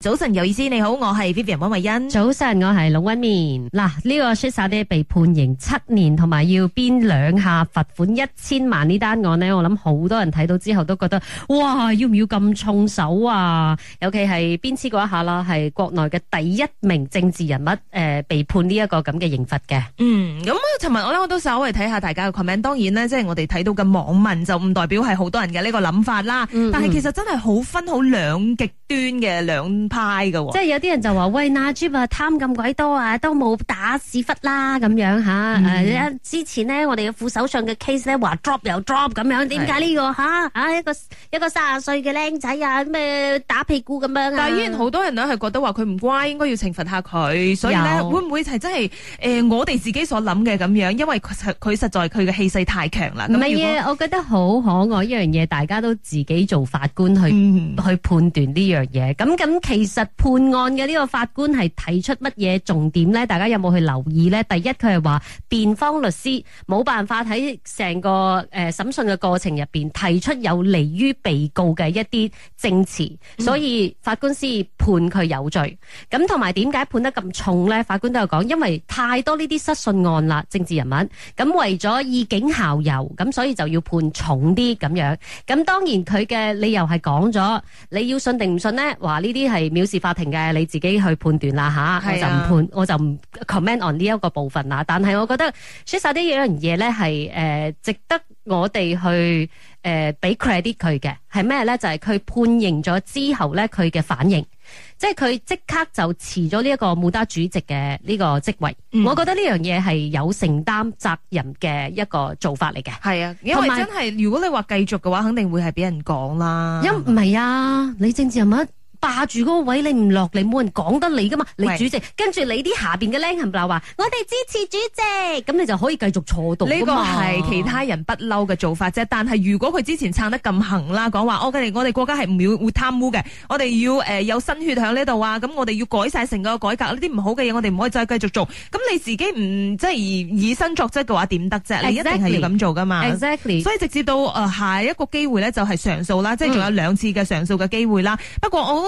早晨，有意思，你好，我係 Vivian 汪慧欣。早晨，我係龍威綿。嗱，呢個凶手咧被判刑七年，同埋要鞭兩下，罰款一千萬呢單案呢，我諗好多人睇到之後都覺得哇，要唔要咁重手啊？尤其係鞭笞過一下啦，係國內嘅第一名政治人物誒、呃，被判呢一個咁嘅刑罰嘅。嗯，咁啊，尋日我咧我都稍為睇下大家嘅 comment。當然呢，即、就、係、是、我哋睇到嘅網民就唔代表係好多人嘅呢個諗法啦、嗯嗯。但係其實真係好分好兩極端嘅兩。派嘅，即係有啲人就話喂，那朱咪貪咁鬼多啊，都冇打屎忽啦咁樣吓。誒、啊嗯，之前呢，我哋嘅副手上嘅 case 咧話 drop 又 drop 咁樣，這個，點解呢個吓一個一個三十歲嘅僆仔啊，咩打屁股咁樣，但係依然好多人咧係覺得話佢唔乖，應該要懲罰下佢，所以咧會唔會係真係誒、呃、我哋自己所諗嘅咁樣？因為佢實在佢嘅氣勢太強啦。唔係啊，我覺得好可愛一樣嘢，大家都自己做法官去、嗯、去判斷呢樣嘢。咁咁其。其實判案嘅呢個法官係提出乜嘢重點呢？大家有冇去留意呢？第一佢係話辯方律師冇辦法喺成個誒審訊嘅過程入邊提出有利於被告嘅一啲證詞，所以法官先判佢有罪。咁同埋點解判得咁重呢？法官都有講，因為太多呢啲失信案啦，政治人物咁為咗以儆效尤，咁所以就要判重啲咁樣。咁當然佢嘅理由係講咗，你要信定唔信呢？話呢啲係。藐視法庭嘅，你自己去判斷啦吓、啊，我就唔判，我就唔 comment on 呢一個部分啦。但係我覺得， 說晒啲嘢樣嘢咧，係、呃、誒值得我哋去誒俾、呃、credit 佢嘅係咩咧？就係、是、佢判刑咗之後咧，佢嘅反應，即係佢即刻就辭咗呢一個穆德主席嘅呢個職位、嗯。我覺得呢樣嘢係有承擔責任嘅一個做法嚟嘅。係啊，因為真係如果你話繼續嘅話，肯定會係俾人講啦。因唔係啊，你政治係乜？霸住嗰個位你唔落嚟，冇人講得你噶嘛？你主席，跟住你啲下邊嘅僆係咪話，我哋支持主席，咁你就可以繼續坐到。呢、這個係、啊、其他人不嬲嘅做法啫。但係如果佢之前撐得咁行啦，講話、哦、我哋我哋國家係唔會會貪污嘅，我哋要誒、呃、有新血喺呢度啊。咁我哋要改晒成個改革呢啲唔好嘅嘢，我哋唔可以再繼續做。咁你自己唔即係以，以身作則嘅話，點得啫？Exactly, 你一定係要咁做噶嘛？Exactly。所以直至到、呃、下一個機會呢，就係、是、上訴啦，即係仲有兩次嘅上訴嘅機會啦。不過我。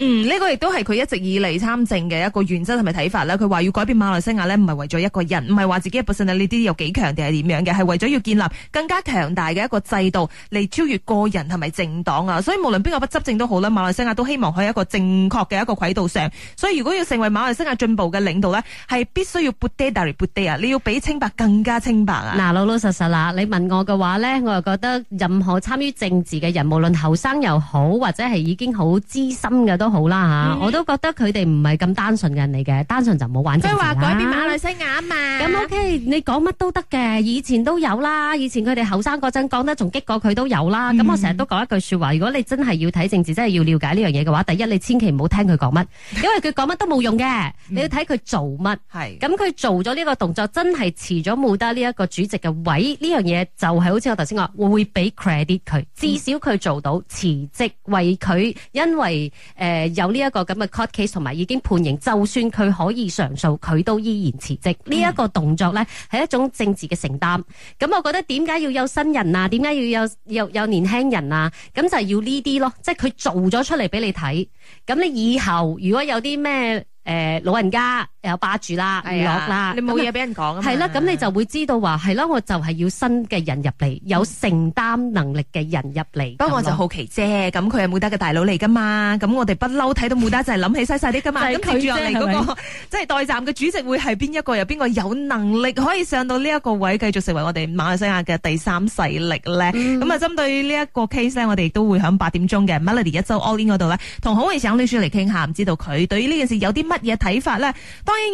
嗯，呢個亦都係佢一直以嚟參政嘅一個原則同埋睇法啦。佢話要改變馬來西亞呢，唔係為咗一個人，唔係話自己本身性呢啲有幾強定係點樣嘅，係為咗要建立更加強大嘅一個制度嚟超越個人同埋政黨啊。所以無論邊個不執政都好啦，馬來西亞都希望喺一個正確嘅一個軌道上。所以如果要成為馬來西亞進步嘅領導呢，係必須要拔爹大髀拔爹啊！你要比清白更加清白啊！嗱，老老實實啦，你問我嘅話呢，我就覺得任何參與政治嘅人，無論後生又好，或者係已經好資深嘅都。好啦，嗯、我都覺得佢哋唔係咁單純嘅人嚟嘅，單純就冇玩，即係話改變馬來西亞啊嘛，咁 OK，你講乜都得嘅，以前都有啦，以前佢哋後生嗰陣講得仲激過佢都有啦。咁、嗯、我成日都講一句說話，如果你真係要睇政治，真係要了解呢樣嘢嘅話，第一你千祈唔好聽佢講乜，因為佢講乜都冇用嘅，嗯，你要睇佢做乜。咁、嗯，佢做咗呢個動作，真係辭咗冇得呢一個主席嘅位，呢樣嘢就係好似我頭先話，會俾 credit 佢，至少佢做到辭職為，為佢因為、呃誒，有呢一個咁嘅 case，同埋已經判刑，就算佢可以上訴，佢都依然辭職。呢、嗯、一個動作呢，係一種政治嘅承擔。咁我覺得點解要有新人啊？點解要有有有年輕人啊？咁就係要呢啲咯，即係佢做咗出嚟俾你睇。咁你以後如果有啲咩誒老人家。有霸住啦，哎、唔落啦，你冇嘢俾人講係啦，咁你就會知道話係啦，我就係要新嘅人入嚟、嗯，有承擔能力嘅人入嚟。不、嗯、過我就好奇啫，咁佢係冇得嘅大佬嚟噶嘛？咁我哋不嬲睇到冇得，就係諗起細細啲噶嘛？咁接住嚟嗰個，即係、那個、代站嘅主席會係邊一個又邊個有能力可以上到呢一個位，繼續成為我哋馬來西亞嘅第三勢力咧？咁、嗯、啊，針對呢一個 case 咧，我哋都會響八點鐘嘅 Melody 一周 All In 嗰度咧，同好會想女士嚟傾下，唔知道佢對於呢件事有啲乜嘢睇法咧？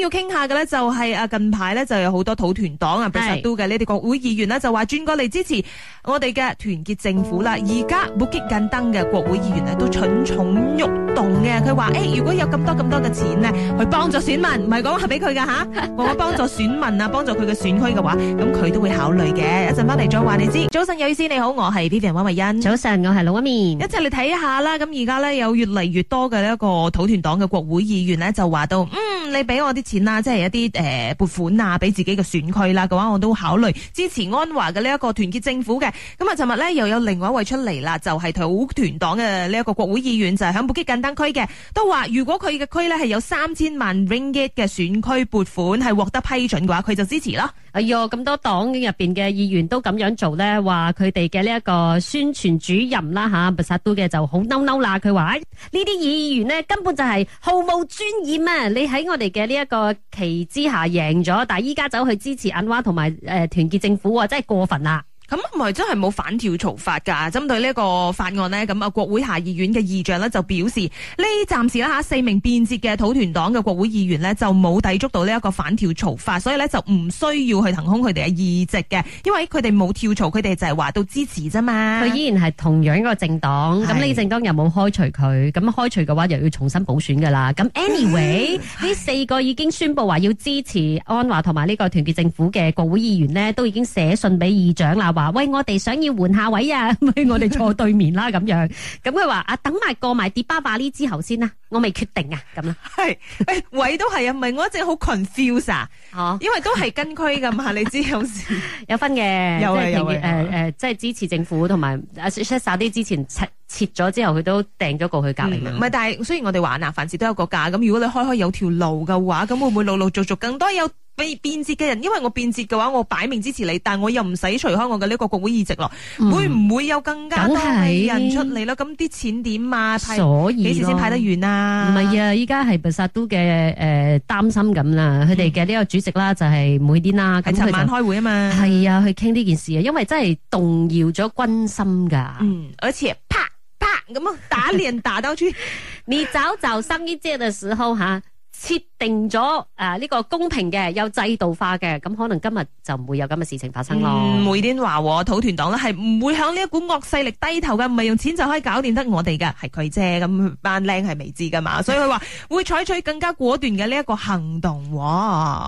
要傾下嘅咧，就係阿近排咧就有好多土團黨啊，其實都嘅。呢啲國會議員呢就話轉過嚟，支持我哋嘅團結政府啦。而家冇激緊燈嘅國會議員呢都蠢蠢欲動嘅。佢話誒，如果有咁多咁多嘅錢呢去幫助選民，唔係講話俾佢嘅吓，我、啊、幫 助選民啊，幫助佢嘅選區嘅話，咁佢都會考慮嘅。一陣翻嚟再話你知。早晨，有意思你好，我係 Vivian 溫慧欣。早晨，我係老一面。一齊嚟睇一下啦。咁而家咧有越嚟越多嘅一個土團黨嘅國會議員咧，就話到嗯，你俾。多啲錢啦，即係一啲誒撥款啊，俾自己嘅選區啦嘅話，我都考慮支持安華嘅呢一個團結政府嘅。咁啊，尋日咧又有另外一位出嚟啦，就係、是、土團黨嘅呢一個國會議員，就係響布基近登區嘅，都話如果佢嘅區咧係有三千萬 Ringgit 嘅選區撥款係獲得批准嘅話，佢就支持咯。哎喲，咁多黨入邊嘅議員都咁樣做咧，話佢哋嘅呢一個宣傳主任啦吓，穆、啊、薩、啊、都嘅就好嬲嬲啦，佢話呢啲議員呢，根本就係毫無尊嚴啊！你喺我哋嘅一個旗之下贏咗，但係依家走去支持銀灣同埋誒團結政府，真係過分啦！咁唔係真係冇反跳槽法噶，針對呢個法案呢，咁啊國會下議院嘅議長呢，就表示，呢暫時啦吓四名變節嘅土團黨嘅國會議員呢，就冇抵觸到呢一個反跳槽法，所以呢，就唔需要去騰空佢哋嘅議席嘅，因為佢哋冇跳槽，佢哋就係話到支持啫嘛，佢依然係同樣一個政黨，咁呢政黨又冇開除佢，咁開除嘅話又要重新補選噶啦，咁 anyway 呢四個已經宣布話要支持安華同埋呢個團結政府嘅國會議員呢，都已經寫信俾議長啦。話喂，我哋想要換下位啊，喂，我哋坐對面啦，啊，咁樣。咁佢話啊，等埋過埋跌八百呢之後先啦，我未決定啊，咁啦。係，誒，位都係啊，唔係我一直好 confuse 啊，哦，因為都係跟區噶嘛， 你知有時有分嘅，有啊有啊，誒、就、誒、是呃呃呃，即係支持政府同埋 啊，set 晒啲之前切拆咗之後，佢都訂咗過去隔籬啦。唔、嗯、係，但係雖然我哋話嗱，凡事都有個價，咁如果你開開有條路嘅話，咁會唔會陸陸續續更多有？被變節嘅人，因為我變節嘅話，我擺明支持你，但係我又唔使除開我嘅呢個國會議席咯、嗯，會唔會有更加多嘅人出嚟咯咁啲錢點啊？所以幾時先派得完啊？唔係啊，依家係布薩都嘅誒擔心咁啦，佢哋嘅呢個主席啦、嗯、就係、是、每甸啦、啊，咁佢晚開會啊嘛。係啊，去傾呢件事啊，因為真係動搖咗軍心噶。嗯，而且啪啪咁啊，樣打臉打到去。 你走早上一屆嘅時候哈，切。定咗誒呢個公平嘅，有制度化嘅，咁可能今日就唔會有咁嘅事情發生咯、嗯。每天話土團黨咧係唔會向呢一股惡勢力低頭嘅，唔係用錢就可以搞掂得我哋嘅，係佢啫。咁班靚係未知噶嘛，所以佢話會採取更加果斷嘅呢一個行動。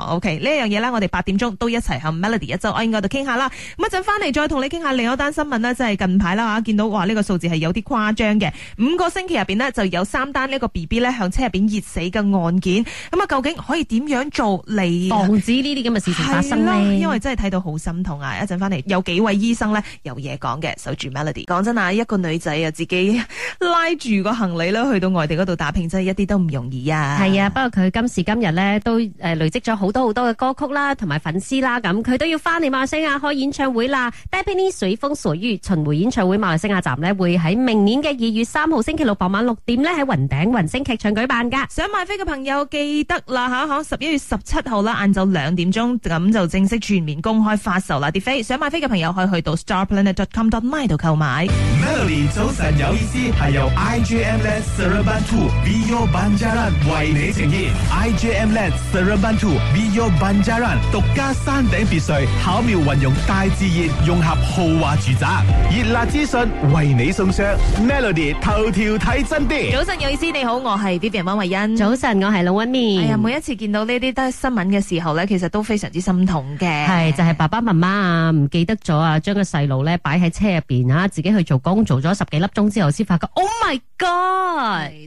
OK 呢一樣嘢呢，我哋八點鐘都一齊向 Melody 一周 Iing 度傾下啦。咁一陣翻嚟再同你傾下另一單新聞咧，即係近排啦吓，見到哇呢個數字係有啲誇張嘅，五個星期入邊呢就有三單呢個 B B 咧向車入邊熱死嘅案件咁啊。究竟可以點樣做嚟防止呢啲咁嘅事情發生呢？啊、因為真係睇到好心痛啊！一陣翻嚟有幾位醫生咧有嘢講嘅，守住 Melody。講真啊，一個女仔啊，自己拉住個行李啦，去到外地嗰度打拼，真係一啲都唔容易啊！係啊，不過佢今時今日咧都誒累積咗好多好多嘅歌曲啦，同埋粉絲啦，咁佢都要翻嚟馬來西亞開演唱會啦。Dapiny 水風水月巡回演唱會馬來西亞站呢，會喺明年嘅二月三號星期六傍晚六點咧喺雲頂雲星劇場舉辦噶。想買飛嘅朋友記得啦，好好十一月十七號啦，晏晝兩點鐘，咁就正式全面公開發售啦，啲飛！想買飛嘅朋友可以去到 starplanet.com.my 去購買。Melody 早晨有意思，係由 IJM Land Seremban 2 Vio Banjaran 為你呈現。IJM Land Seremban 2 Vio Banjaran 獨家山頂別墅，巧妙運用大自然，融合豪華住宅。熱辣資訊為你送上，Melody 頭條睇真啲。早晨有意思，你好，我係 Vivian 汪慧欣。早晨，我係老溫面。係、哎、啊，每一次見到呢啲都係新聞嘅時候咧，其實都非常之心痛嘅。係就係、是、爸爸媽媽啊，唔記得咗啊，將個細路咧擺喺車入邊啊，自己去做工，做咗十幾粒鐘之後，先發覺。Oh my，God! 哥，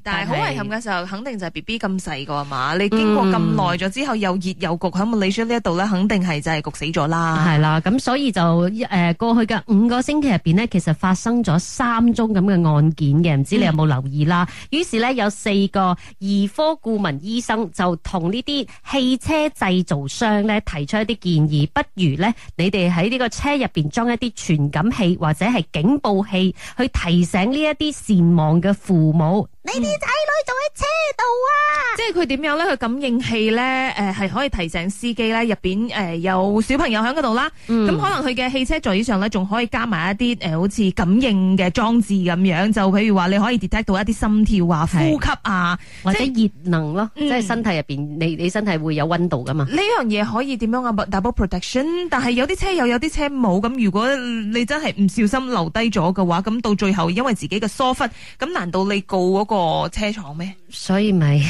但係好遺憾嘅時候，肯定就係 BB 咁細個啊嘛！你經過咁耐咗之後，又熱又焗，喺冇你出呢一度咧，肯定係就係焗死咗啦。係啦，咁所以就誒過去嘅五個星期入邊呢，其實發生咗三宗咁嘅案件嘅，唔知你有冇留意啦？於、嗯、是呢，有四個兒科顧問醫生就同呢啲汽車製造商咧提出一啲建議，不如呢，你哋喺呢個車入邊裝一啲傳感器或者係警報器，去提醒呢一啲善忘嘅。父母。你啲仔女仲喺車度啊！嗯、即係佢點樣咧？佢感應器咧，誒、呃、係可以提醒司機咧，入邊誒有小朋友喺嗰度啦。咁、嗯、可能佢嘅汽車座椅上咧，仲可以加埋一啲誒、呃，好似感應嘅裝置咁樣。就譬如話，你可以 detect 到一啲心跳啊、呼吸啊，即或者熱能咯，嗯、即係身體入邊，你你身體會有溫度噶嘛？呢樣嘢可以點樣啊？Double protection，但係有啲車又有啲車冇。咁如果你真係唔小心留低咗嘅話，咁到最後因為自己嘅疏忽，咁難道你告嗰個個車廠咩？所以咪，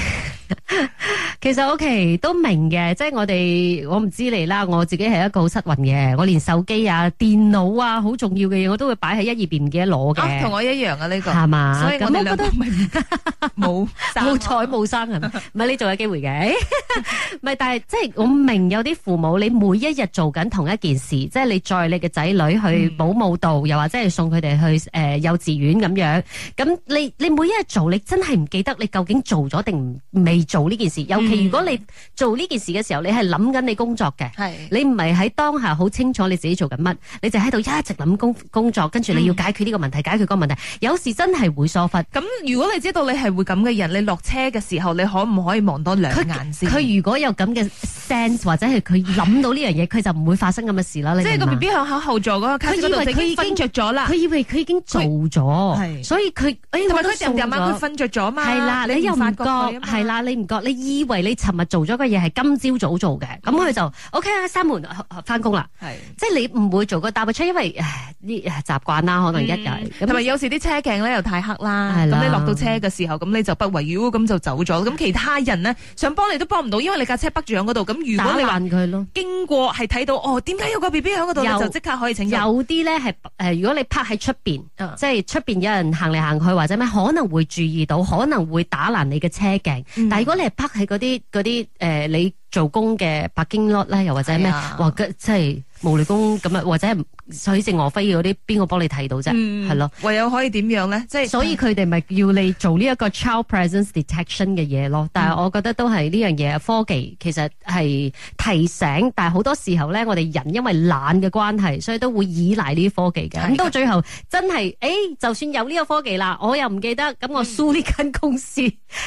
其實我其實都明嘅，即係我哋，我唔知你啦。我自己係一個好失魂嘅，我連手機啊、電腦啊，好重要嘅嘢，我都會擺喺一二邊唔記得攞嘅。同我一樣啊，呢個係嘛？所以我都覺得冇冇彩冇生係咪？唔係你仲有機會嘅，唔係？但係即係我明有啲父母，你每一日做緊同一件事，即係你載你嘅仔女去補舞蹈，又或者係送佢哋去誒幼稚園咁樣。咁你你每一日做。你真係唔記得你究竟做咗定未做呢件事，嗯？尤其如果你做呢件事嘅時候，你係諗緊你工作嘅，係你唔係喺當下好清楚你自己做緊乜，你就喺度一直諗工工作，跟住你要解決呢個問題，嗯、解決嗰個問題。有時真係會疏忽。咁、嗯、如果你知道你係會咁嘅人，你落車嘅時候，你可唔可以望多兩眼先？佢如果有咁嘅 sense，或者係佢諗到呢樣嘢，佢就唔會發生咁嘅事啦。即係個 B B 響後座嗰個卡士嗰度，佢已經着咗啦。佢以為佢已經做咗，所以佢瞓着咗嘛？係啦，你又唔覺？係啦、嗯，你唔覺？你以為你尋日做咗個嘢係今朝早，早做嘅？咁、嗯、佢就 OK 啊，閂門翻工啦。係，即係你唔會做個搭部車，因為誒啲習慣啦，可能一日。同、嗯、埋有時啲車鏡咧又太黑啦，咁你落到車嘅時候，咁你就不遺餘辜咁就走咗。咁其他人咧想幫你都幫唔到，因為你架車泊住響嗰度。咁如果你佢話經過係睇到哦，點解有個 B B 響嗰度咧，有就即刻可以拯救有啲咧係誒，如果你拍喺出邊，即係出邊有人行嚟行去或者咩，可能會住。」遇到可能會打爛你嘅車鏡，嗯，但係如果你係拍喺嗰啲嗰啲誒你。做工嘅 parking lot 咧，又或者咩話？哇，即係無理工咁啊，或者水性無輝嗰啲，邊個幫你睇到啫？係咯，唯有可以點樣咧？即係所以佢哋咪要你做呢一個 child presence detection 嘅嘢咯。但係我覺得都係呢樣嘢，科技其實係提醒，但係好多時候咧，我哋人因為懶嘅關係，所以都會依賴呢啲科技嘅。咁到最後真係，誒，就算有呢個科技啦，我又唔記得，咁我輸呢間公司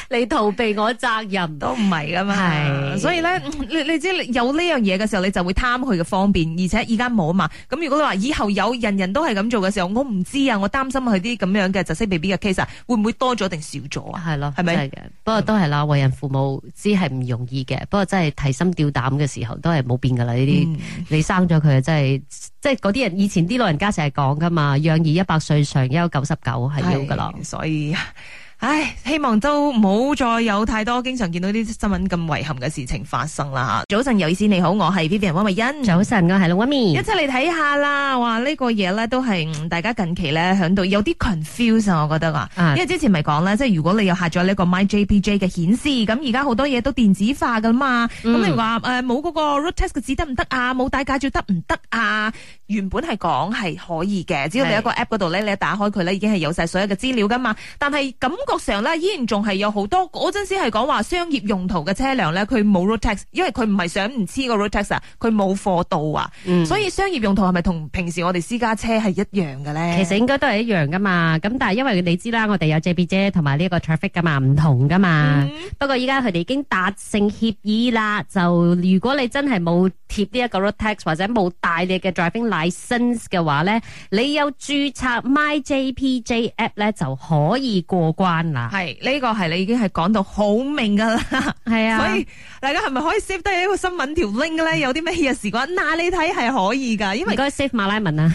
嚟逃避我責任，都唔係噶嘛。係，所以咧。你 你知有呢樣嘢嘅時候，你就會貪佢嘅方便，而且依家冇啊嘛。咁如果你話以後有人人都係咁做嘅時候，我唔知啊，我擔心佢啲咁樣嘅窒息 BB 嘅 case 會唔會多咗定少咗啊？係咯，係咪？不過都係啦，爲人父母，知係唔容易嘅，嗯。不過真係提心吊膽嘅時候，都係冇變噶啦。呢、嗯、啲你生咗佢啊，真係即係嗰啲人，以前啲老人家成日講噶嘛，養兒一百歲，上優九十九係憂噶啦。所以。唉，希望都冇再有太多經常見到啲新聞咁遺憾嘅事情發生啦吓。早晨，有意思你好，我係 Vivian 溫慧欣。早晨，我係 Lumia 一齊嚟睇下啦，哇！呢、這個嘢，咧都係大家近期咧響度有啲 confuse 啊，我覺得啊，uh, 因為之前咪講咧，即係如果你有下載呢個 My JPJ 嘅顯示，咁而家好多嘢都電子化噶嘛。咁、嗯、你話誒冇嗰個 root test 嘅字得唔得啊？冇帶駕照得唔得啊？原本係講係可以嘅，只要你一個 app 嗰度咧，你一打開佢咧，已經係有晒所有嘅資料噶嘛。但係感覺。那個上咧依然仲係有好多，嗰陣時係講話商業用途嘅車輛咧，佢冇 road tax，因為佢唔係想唔黐個 road tax 啊，佢冇貨到啊，所以商業用途係咪同平時我哋私家車係一樣嘅咧？其實應該都係一樣噶嘛。咁但係因為你知啦，我哋有 JPJ 同埋呢個 traffic 噶嘛，唔同噶嘛。不，嘛、嗯、不過依家佢哋已經達成協議啦，就如果你真係冇貼呢一個 road tax 或者冇帶嘅 driving license 嘅話咧，你有註冊 my JPJ app 咧就可以過關。係呢、這個係你已經係講到好明噶啦。係啊，所以大家係咪可以 save 低呢個新聞條 link 咧？有啲咩嘢事講嗱，你睇，係可以噶，因為該 save 馬拉文啊，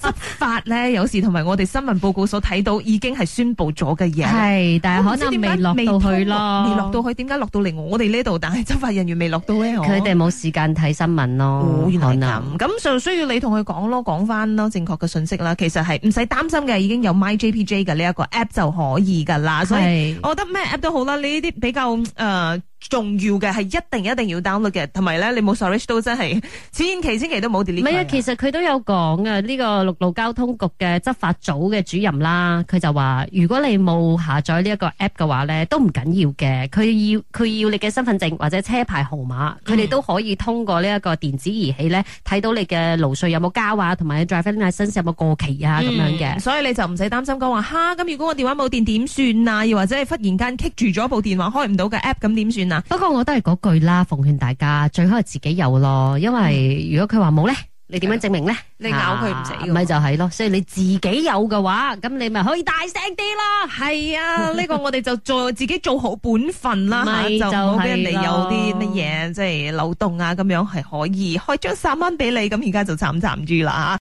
執 法咧有時同埋我哋新聞報告所睇到已經係宣布咗嘅嘢，係，但係可能未落到去咯，未落到去，點解落到嚟我哋呢度？但係執法人員未落到咧，佢哋冇時間睇新聞咯，哦、原來可能咁就需要你同佢講咯，講翻咯正確嘅信息啦。其實係唔使擔心嘅，已經有 MyJPJ 嘅呢一個 app 就好。可以噶啦，所以我覺得咩 app 都好啦，你呢啲比較誒。呃重要嘅係一定一定要 download 嘅，同埋咧你冇 storage 都真係千祈千祈都冇 delete，唔係啊，其實佢都有講啊，呢、這個陸路交通局嘅執法組嘅主任啦，佢就話如果你冇下載呢一個 app 嘅話咧，都唔緊要嘅。佢要佢要你嘅身份證或者車牌號碼，佢、嗯、哋都可以通過呢一個電子儀器咧睇到你嘅路稅有冇交啊，同埋你 driving license 有冇過期啊咁、嗯、樣嘅。所以你就唔使擔心講話吓，咁、啊、如果我電話冇電點算啊？又或者係忽然間 kick 住咗部電話開唔到嘅 app 咁點算？不過我都係嗰句啦，奉勸大家最好係自己有咯，因為如果佢話冇咧，你點樣證明咧？你咬佢唔死的，咪、啊、就係咯。所以你自己有嘅話，咁你咪可以大聲啲啦。係啊，呢 個我哋就做自己做好本分啦。 就俾人哋有啲乜嘢即係漏洞啊，咁樣係可以開張十蚊俾你，咁而家就慘慘住啦。